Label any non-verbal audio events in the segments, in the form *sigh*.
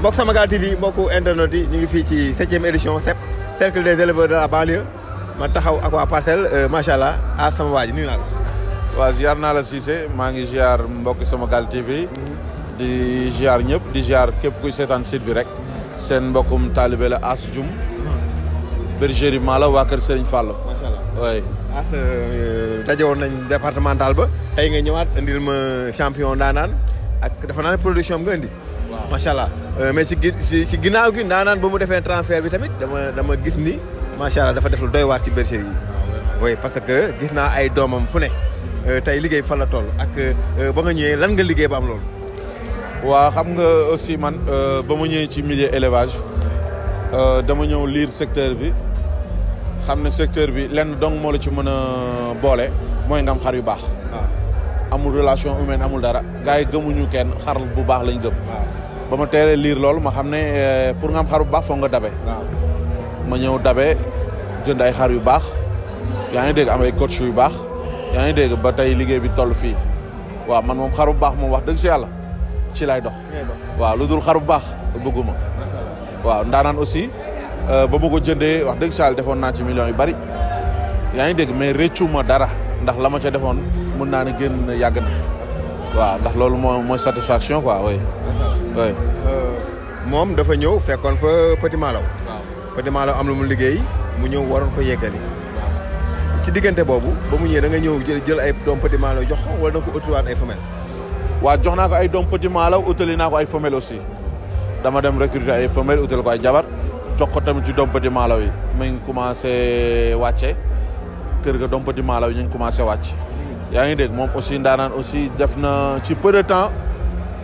mbokk Samagal TV mbokku internet yi ñu ngi fii ci septième édition CEP cercle des éleveurs de la banlieue ma taxaw ak parcelle euh, sama waa ziar naa la Cissé maa ngi ziar mbokki Samagal TV di ziar ñëpp di ziar képp kuy seetaan site bi rek seen mbokkum taalibe la As Dioum bergerie Mala waa kër Serigne Fallou macha allah oui As euh, woon nañ départemental ba tey nga ñëwaat indil ma champion ndaanaan ak dafa naa ne production am nga indi macha allah euh, mais si si ginnaaw gi ndaanaan ba mu defee transfert bi tamit dama dama gis ni macha allah dafa def lu doy waar ci bergerie yi oui parce que gis naa ay doomam fu ne Euh, tey liggéey fan la tool ak euh, ba nga ñëwee lan nga liggéey ba am loolu. waaw xam nga aussi man euh, ba ma ñëwee ci milieu élevage dama ñëw liir secteur bi xam ne secteur bi lenn dong moo la ci mën a boole mooy ngam xar yu baax. Ah. amul relation humaine amul dara gars yi gëmuñu kenn xar bu baax lañ gëm. Ah. ba ma teelee liir loolu ma xam ne pour nga xar bu baax foog nga dabe. Ah. ma ñëw dabe jënd ay xar yu baax yaa ngi dégg am ay coach yu baax. yaa ngi dégg ba tey liggéey bi toll fii waaw man moom xaru baax moom wax dëgg si yàlla ci lay dox waaw lu dul xaru baax bëgguma waaw ndaanaan aussi euh, ba ma ko jëndee wax dëgg si yàlla defoon naa ci millions yu bari yaa ngi dégg mais réccu ma dara ndax la ma ca defoon mën naa ne génn yàgg na waaw ndax loolu moo mooy satisfaction quoi oui oui euh, moom dafa ñëw fekkoon fa Petit Malaw Petit am lu mu liggéey mu ñëw waroon ko yeggali ci digënté bobu ba mu ñëw da nga ñëw jël jël ay dom petit malo jox ko wala da nga ko utiwaat ay femelle. wa jox naa ko ay dom petit malaw utali naa ko ay femelle aussi dama dem recruter ay femelle utal ko ay jabar jox ko tamit ci dom petit malo yi mu ngi commencé wàcce kër ga dom petit malo yi ñu ngi commencé wacc ya ngi dégg moom aussi ndaanaan aussi def na ci peu de temps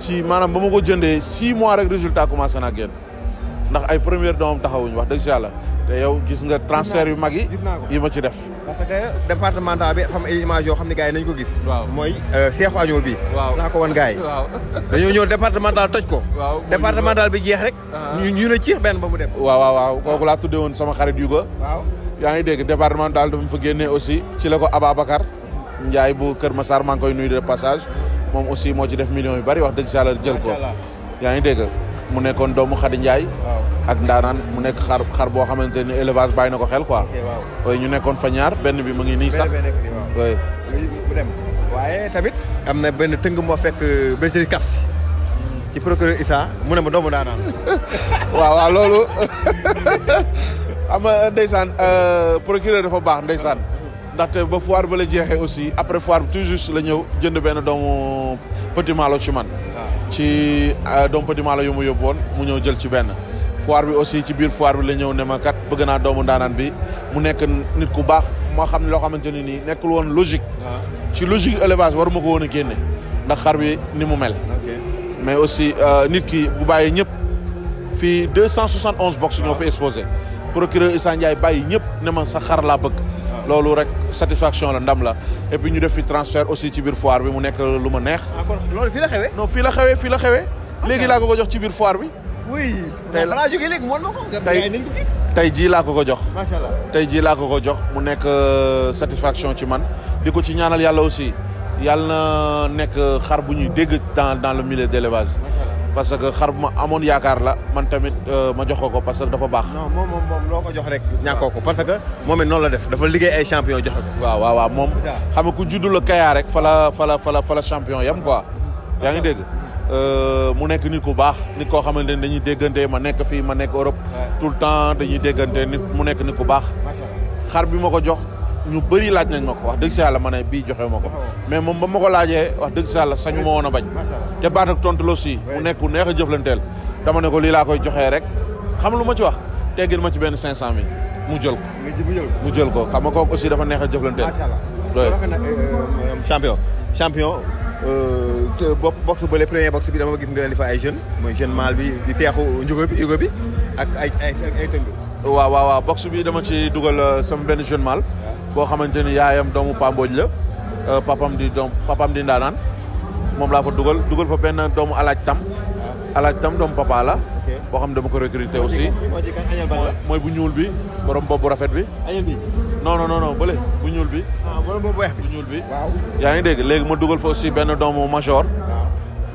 ci manam ba ma ko jëndee 6 mois rek résultat commencé na génn ndax ay premier dom taxawuñ wax dëgg ci yàlla te eh, yow gis nga transfert yu mag yi. yi ma ci def. parce que départemental bi xam image yoo xam ne nañ ko gis. waaw mooy euh, Cheikhou bi. waaw ko wan gars départemental toj ko. départemental bi jeex rek. Ah. ñu ne ci ba mu dem. waaw waaw sama xarit yu waaw yaa ngi dégg départemental dama fa génnee aussi ci la bu Kër Massar maa koy nuyu de passage moom aussi moo ci def millions yu bari wax dëgg si jël ko. ngi mu doomu ak ndaanaan mu nekk xar xar boo xamante ni élevage bàyyi na ko xel quoi. waaw ñu nekkoon fa ñaar benn bi mu ngi nii sax. benn mu dem waaye tamit. am na benn tëng moo fekk euh, bergerie Caps. ci procureur Issa mu ne ma doomu daanaan. *laughs* waaw waaw loolu xam *laughs* nga ndeysaan euh, procureur dafa baax ndeysaan. ndaxte ba foire ba la jeexee aussi après foire bi toujours la ñëw jënd benn doomu petit malo ci man. Ah. ci euh, doomu petit malo yu mu yóbbu mu ñëw jël ci benn foar bi aussi ci biir foar bi la ñëw ne ma kat bëgg naa doomu ndaanaan bi mu nekk nit ku baax moo xam ne loo xamante ne nekkul woon logique. Ah. ci logique élevage waruma ko woon a génne ndax xar bi ni mu mel. mais aussi euh, nit ki bu bàyyi ñëpp fii 271 box ñoo fi ah. exposé. procureur Issa Ndiaye bàyyi ñëpp ne ma sa xar laa bëgg. Ah. loolu rek satisfaction la ndam la et puis ñu def fi transfert aussi ci biir foire bi mu nekk lu ma neex. loolu fii la xewee. non fii la xewee fii la xewee. léegi laa ko ko jox ci biir foire bi. Wii. tey la xanaa jógee léegi moom moo ko. tey tey jii laa ko ko jox. macha allah tey jii laa ko ko jox mu nekk satisfaction ci man di ko ci ñaanal yàlla aussi yàlla na nekk xar bu ñuy dégg dans dans le milieu d'élevage. parce que xar bu ma amoon yaakaar la man tamit eh, ma jox ko ko parce que dafa baax. non moom moom moom loo ko jox rek. ñàkkoo ko parce que moom it noonu la def dafa liggéey ay champion joxe ko. waaw waaw waaw moom. xam nga ku juddu la Kayaar rek fa la fa la fa la champion yam quoi yaa ngi dégg. Euh, mu nekk nit ku baax nit koo xamante ni dañuy déggante ma nekk fii ma nekk Europe. tout le temps dañuy déggante nit mu nekk nit ku baax. xar bi ma ko jox ñu bëri laaj nañ ma ko wax dëgg si yàlla ma ne bii joxe ma ko. mais moom ba ma ko laajee wax dëgg si sañu ma woon a bañ. te baat ak tontu la aussi nekk neex a jëflanteel. dama ne ko lii laa koy joxee rek xam lu ma ci wax teggil ma ci benn 500 mille mu jël ko. mu jël ko xam nga kooku aussi dafa neex a jëflanteel. macha allah euh, euh, champion champion. bopp euh, box bële premier box bi dama gis nga leen di fa ay jeune mooy jeune mâle bi di seexu njugo bi ugo bi ak ay ay ay tëng waaw waaw waaw box bi dama ci dugal euh, sama benn jeune mâle boo xamante ni yaayam doomu pambooj la euh, papam di doom papam di ndaanaan moom laa fa dugal dugal fa benn doomu alaaj tam alaaj tam doomu papa la boo xam ne dama ko recruter aussi mooy bu ñuul bi borom bopp bu rafet bi non non non non bële bu ñuul bi. ah bu weex ñuul bi. waaw yaa ngi dégg léegi ma dugal fa aussi benn doomu major.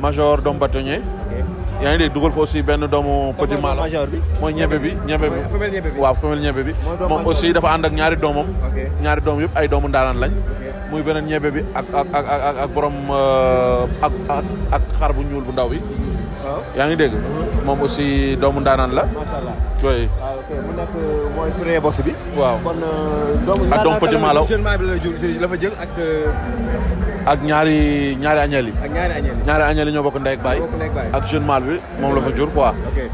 major doomu bâtonnier. yaa ngi dégg dugal fa aussi benn doomu. petit maalo bi. mooy ñebe bi ñebe bi femelle ñebe bi waaw femelle ñebe bi. moom aussi dafa ànd ak ñaari doomam. ñaari doom yëpp ay doomu ndaanaan lañ. muy beneen ñebe bi ak ak ak ak borom euh, ak xar bu ñuul bu ndaw bi. yaa ngi dégg moom aussi doomu ndaanaan la machallah oui ah, waaw ok mu nekk mooy premier boss bi waaw kon doomu ak doomu petit malaw la fa jël ak ak ñaari ñaari añeel yi. ak ñaari añeel yi ñaari añeel yi ñoo bokk ndey ak baay. ak jeune mal bi moom la fa jur quoi.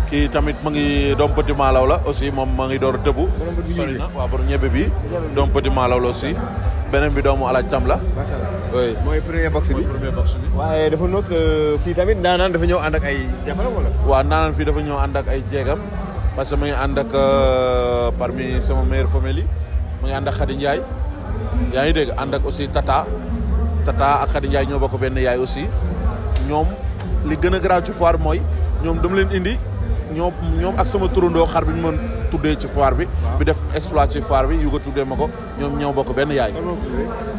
kii tamit ma ngi doom petit malaw la aussi moom ma ngi door tëbu. sori na waaw borom ñebe bi petit la aussi benen bi doomu Alaaji Thiam la. oui allah mooy premier box bi mooy premier box bi. waaye dafa nokk fii tamit ndaanaan dafa ñëw ànd ak ay jafaram wala. waaw ndaanaan fii dafa ñëw ànd ak ay jeegam parce que mu ngi ànd ak parmi sama meilleure famille mu ngi ànd ak Khady ya, Ndiaye. yaa ngi dégg ànd ak aussi Tata Tata ak Khady Ndiaye ñoo bokk benn yaay aussi ñoom li gën a garaaw ci foire mooy ñoom dama leen indi ñoom ñoom ak sama turandoo xar bi ñu mën. tuddee ci foire bi. bi def exploit ci foire bi Yuga tuddee ma ko ñoom ñoo bokk benn yaay.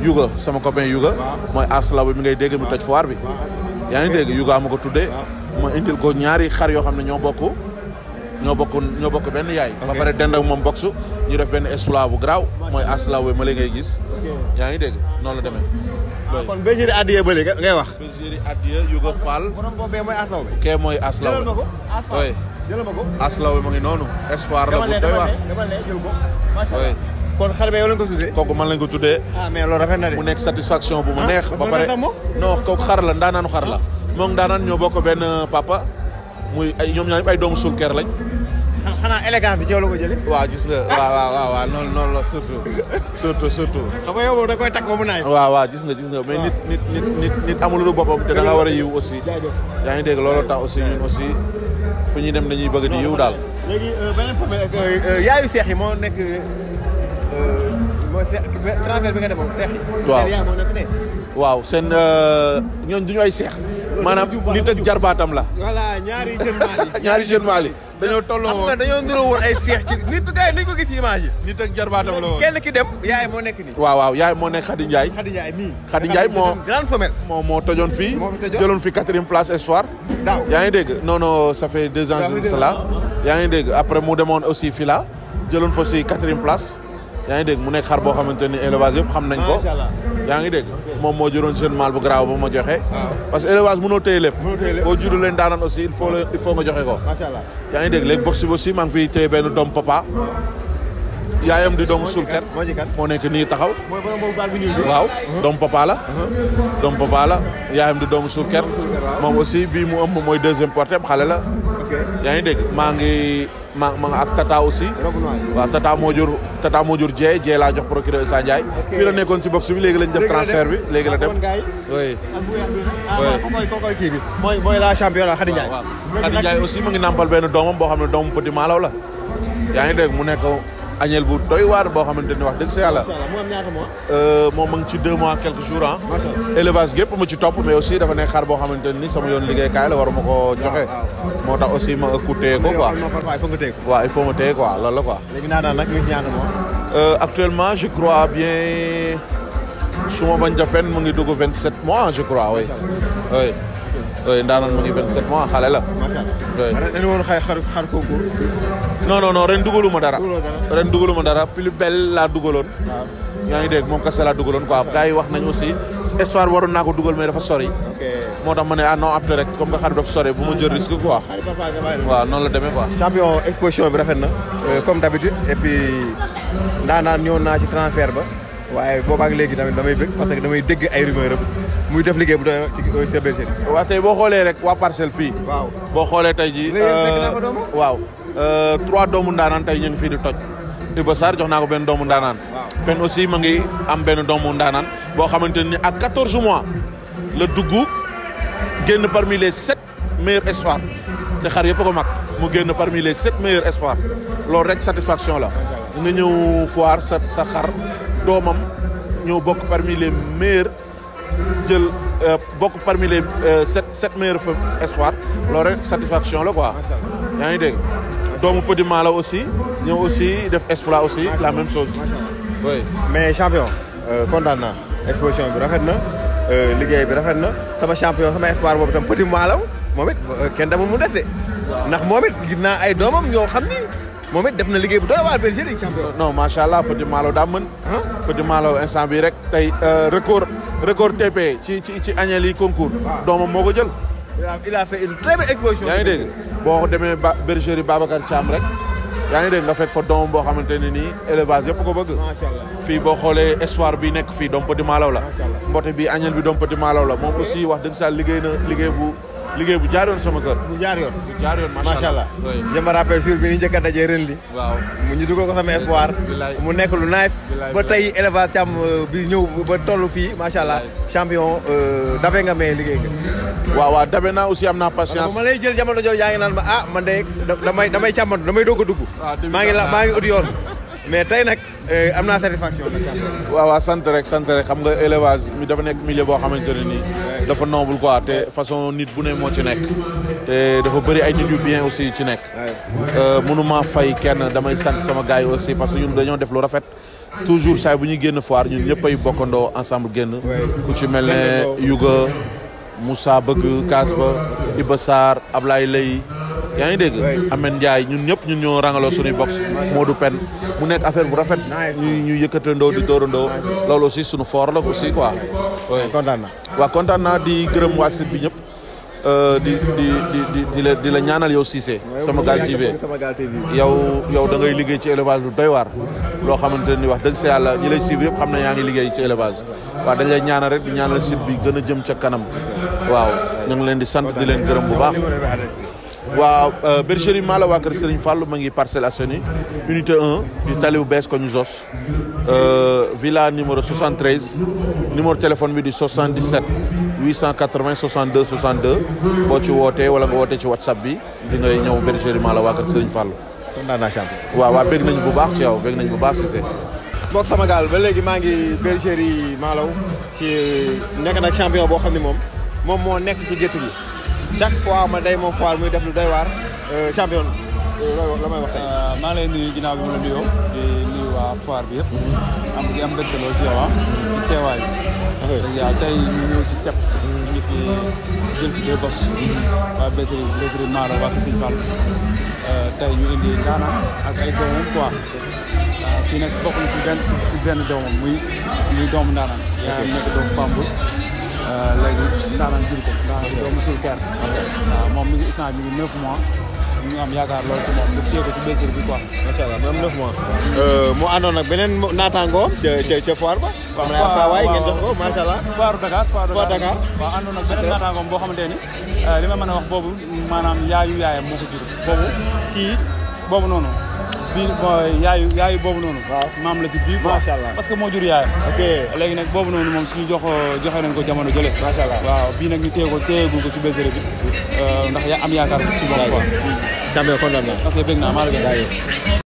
Yuga sama copain Yuga. mooy aslaw bi mi ngay dégg mu toj foire bi. yaa ngi dégg Yuga ma ko tuddee. ma indil ko ñaari xar yoo xam ne ñoo bokk ñoo bokk ñoo bokk benn yaay. ba pare dend ak moom boxu ñu def benn exploit bu garaaw mooy aslaw bi ma la ngay gis. yaa ngi dégg noonu la demee. Ah, kon bergerie Adiya bële ngay wax. bergerie Adiya Yuga Fall. bi. kee mooy aslaw aslaw bi ma ngi noonu espoir la bu doy waar kon xale bi yow lañ ko tuddee. kooku man lañ ah, na de. mu nekk satisfaction bu ma ah, neex. ba pare non kooku xar la ndaanaanu xar la. Ah. moom ndaanaan ñoo bokk benn papa muy ay ñoom ñaar ay doomu sulkeer lañ. xanaa élégance bi ci yow ko jëlee. waa gis nga waaw waaw waaw noonu la surtout surtout surtout. xam nga yow da koy takk ba mu naay. waaw waaw gis nga gis mais nit nit nit nit amul lu te da war a yiw aussi. yaa ngi dégg looloo tax aussi ñun aussi. fu ñuy dem dañuy bëgg di yiw daal. léegi euh, beneen problème ak euh, euh, yaayu seex yi moo nekk moo seex transfert bi nga demoon seex yi. waaw yaa moo nekk ne. waaw seen ñooñu du ñu ay seex. maanaam nit ak jarbaatam la. voilà ñaari jeune Mali. *laughs* ñaari jeune Mali dañoo tolloo woon dañoo niroo woon ay seex ci nit gars yi nañu ko ak jarbaatam la woon kenn ki dem. moo nekk nii. waaw waaw yaay moo nekk Khady Ndiaye. Khady Ndiaye nii. Khady Ndiaye moo moo tojoon fii. moo fi tojoon jëloon fii quatrième place espoir. daaw yaa ngi dégg non non ça fait deux ans de cela. yaa ngi dégg après mu demoon aussi fii la jëloon fa si quatrième place yaa ngi dégg mu nekk xar boo xamante ni élevage yëpp xam nañ ko yaa ngi dégg moom moo juróon jeune mâle bu garaaw ba ma joxe parce que élevage mënoo téye lépp boo juru leen daanaan aussi il faut il faut nga joxe ko macha allah yaa ngi dégg léegi box bi aussi maa ngi fiy téye benn doom papa yaayam di doomu sulker moo nekk nii taxaw waaw uh-huh. doom papa la uh-huh. doom papa la yaayam di doomu sulker moom aussi bii mu ëmb mooy deuxième portée xale la yaa ngi dégg maa ngi ma ma nga ak Tata aussi. waaw Tata moo jur Tata moo jur Dieye Dieye laa jox procureur Issa Ndiaye. fii la nekkoon ci box bi léegi lañ def transfert bi léegi la dem. oui. Ah, ah, mooy mooy la champion la Khady Ndiaye. waaw Khady aussi mu ngi nàmpal benn doomam boo xam ne doomu petit malaw la. yaa ngi dégg mu nekk. añeel bu doy war bo xamanteni wax deug sa yàlla. euh mu mang ci 2 mois quelques jours hein élevage gep ma ci top mais aussi dafa nekk xar bo xamanteni ni sama yoon kay la waruma ko joxe. motax aussi ma écouter ko quoi. waaw il faut ma téye quoi loolu la quoi. léegi naataan nak ñu ñaata mois. Euh, actuellement je crois bien su ma bañ mo ngi dugg 27 mois je crois oui oui. ndaanaan mu ngi 27 mois xale la. macha allah dañu woon xay xar xar concours. non non non ren dugaluma dara. ren dugaluma dara plus belle laa dugaloon. waaw ngi dégg moom kese laa dugaloon quoi gars yi wax nañu aussi espoir waroon ko dugal mais ma ne ah non après rek comme nga xarit dafa sore bu ma jël risque quoi. waaw noonu la demee na. Euh, comme d'habitude et puis ndaanaan naa ci transfert ba waaye boobaak léegi tamit damay bëgg parce que damay dégg ay rumeur muy def liggéey bu doy ci CBC. waaw tey boo xoolee rek waa parcelle fii. waaw boo xoolee tey jii. waaw. trois doomu ndaanaan tey ñu ngi fii di toj. Iba Sarr jox naa ko benn doomu ndaanaan. waaw Pène aussi ma ngi am benn doomu ndaanaan. boo xamante ni à mois la dugg génn parmi les sept meilleurs espoirs te xar yëpp ko mag mu génn parmi les sept meilleurs espoirs loolu rek satisfaction la. nga ñëw foire sa sa xar doomam ñëw bokk parmi les meilleurs. jël euh, bokk parmi les euh, sept sept meilleurs feux espoir loolu rek satisfaction la quoi. yaa ngi dégg doomu Pédima la aussi ñëw aussi def exploit aussi la même chose. oui mais champion euh, kontaan naa exposition bi rafet na liggéey bi rafet na sama champion sama espoir boobu tam Petit Malaw moom it kenn demul mu dese. ndax moom it gis naa ay doomam ñoo xam ni moom it def na liggéey bu doy waar Belgique champion. non macha allah Petit Malaw daa mën. Hein? Petit Malaw instant bi rek tey record record TP ci ci ci annuel yi concours ah. doomam moo ko jël il a fait une très belle exposition yaa ngi dégg boo demee bergerie Babacar Thiam rek yaa ngi dégg nga fekk fa doom boo xamante ne nii élevage yëpp ko bëgg fii boo xoolee espoir bi nekk fii doom petit malaw la mbote bi agnel bi doom petit malaw la moom aussi wax dëgg saa liggéey na liggéey bu liggéey bu jaar yoon sama kër. bu jaar yoon bu jaar yoon macha allah je me rappelle jour bi ñu njëkk a dajee ren li waaw mu ñu dugal ko sama espoir. mu nekk lu nice. ba tey élevage càmm euh, bi ñëw ba toll fii macha allah. champion euh, dabe nga mais liggéey nga. waaw waaw dabe naa aussi am naa patience. ma lay jël jamono jooju yaa ngi naan ma ah man de damay damay càmmantu damay doog a dugg. Ah, maa ngi la maa ngi ut mais tey nag euh, am naa satisfaction. waaw waaw sant rek sant rek xam nga élevage mi dafa nekk milieu boo xamante ne nii dafa noble quoi te façon nit bu ne moo ci nekk te dafa bëri ay nit yu bien aussi ci nekk euh, mënuma fay kenn damay sant sama gars yi aussi parce que ñun dañoo def lu rafet toujours saa bu ñuy génn foire ñu ñëpp ay bokkandoo ensemble génn ku ci mel ne Yuga Moussa Bëgg Kasba Iba Sarr Ablaye Lay yaa ngi dégg Amène Ndiaye ñun ñëpp ñun ñoo rangaloo suñuy box du Pen mu nekk affaire bu rafet ñu ñu yëkkatandoo di dóorandoo loolu aussi suñu fort la aussi quoi waa kontaan naa di gërëm waa site bi ñëpp euh, di di di di di la di la ñaanal yow Cissé. Samagal TV yow yow da ngay liggéey ci élevage lu doy waar. loo xamante ni wax dëgg sa yàlla ñi lay suivre yëpp xam na yaa ngi liggéey ci élevage waa dañ lay ñaanal rek di ñaanal site bi gën a jëm ca kanam waaw ñu ngi leen di sant di leen gërëm bu baax. waa euh, bergerie Mala waa kër Serigne Fall ma ngi Parcelles Assainies unité 1 du taliw bees ko ñu Jos euh, villa numéro 73 numéro téléphone bi di 77 880 62 62 bo ci woté wala nga woté ci whatsapp bi di ngay ñew bergerie Mala waa kër Serigne Fall. kon daan naa sant. waaw waaw nañ bu baax ci yow bëgg nañ bu baax ci sé mbokk sama gal ba légui maa ngi bergerie Malaw ci nek nag champion bo xamni mom mom mo nek ci gétt chaque fois ma day moom foire muy def lu doy waar euh, champion euh, la may wax tey. Euh, maa ngi lay bi ma la nuyoo di nuyu waa foire bi yëpp. am di am mbégte lool ci yow ah. ci teewaay bi. yaa tey ñu ñëw ci sept. ñu ngi fi jël fi deux box. waa Bétri Bétri Maaro waa tey ñu indi Dana ak ay doomam quoi. waaw kii nag bokk na si benn si benn doomam muy muy doomu Dana. nekk doomu Pambul. léegi daanaka jur ko daanaka doo moom mi ngi instant bi neuf mois. ñu am yaakaar loolu ci moom ñu téye ko ci bésir bi quoi. macha allah mois. Euh, mu àndoon ak beneen naataangoom ca ca ca foire ba. waaw waaw waaw waaye beneen naataangoom boo xamante ni euh, li ma mën a wax boobu maanaam yaayu yaayam moo ko boobu kii boobu noonu. biir mooy yaayu yaayu boobu noonu. waaw maam la ci biir. macha allah parce que moo jur léegi nag boobu noonu moom suñu jox joxe nañ ko jamono jële. macha allah waaw bii nag ñu téye ko téyegul ko ci bergerie bi. Euh, ndax yaa am yaakaar ci moom ko Tambey kontaan naa. ok maa la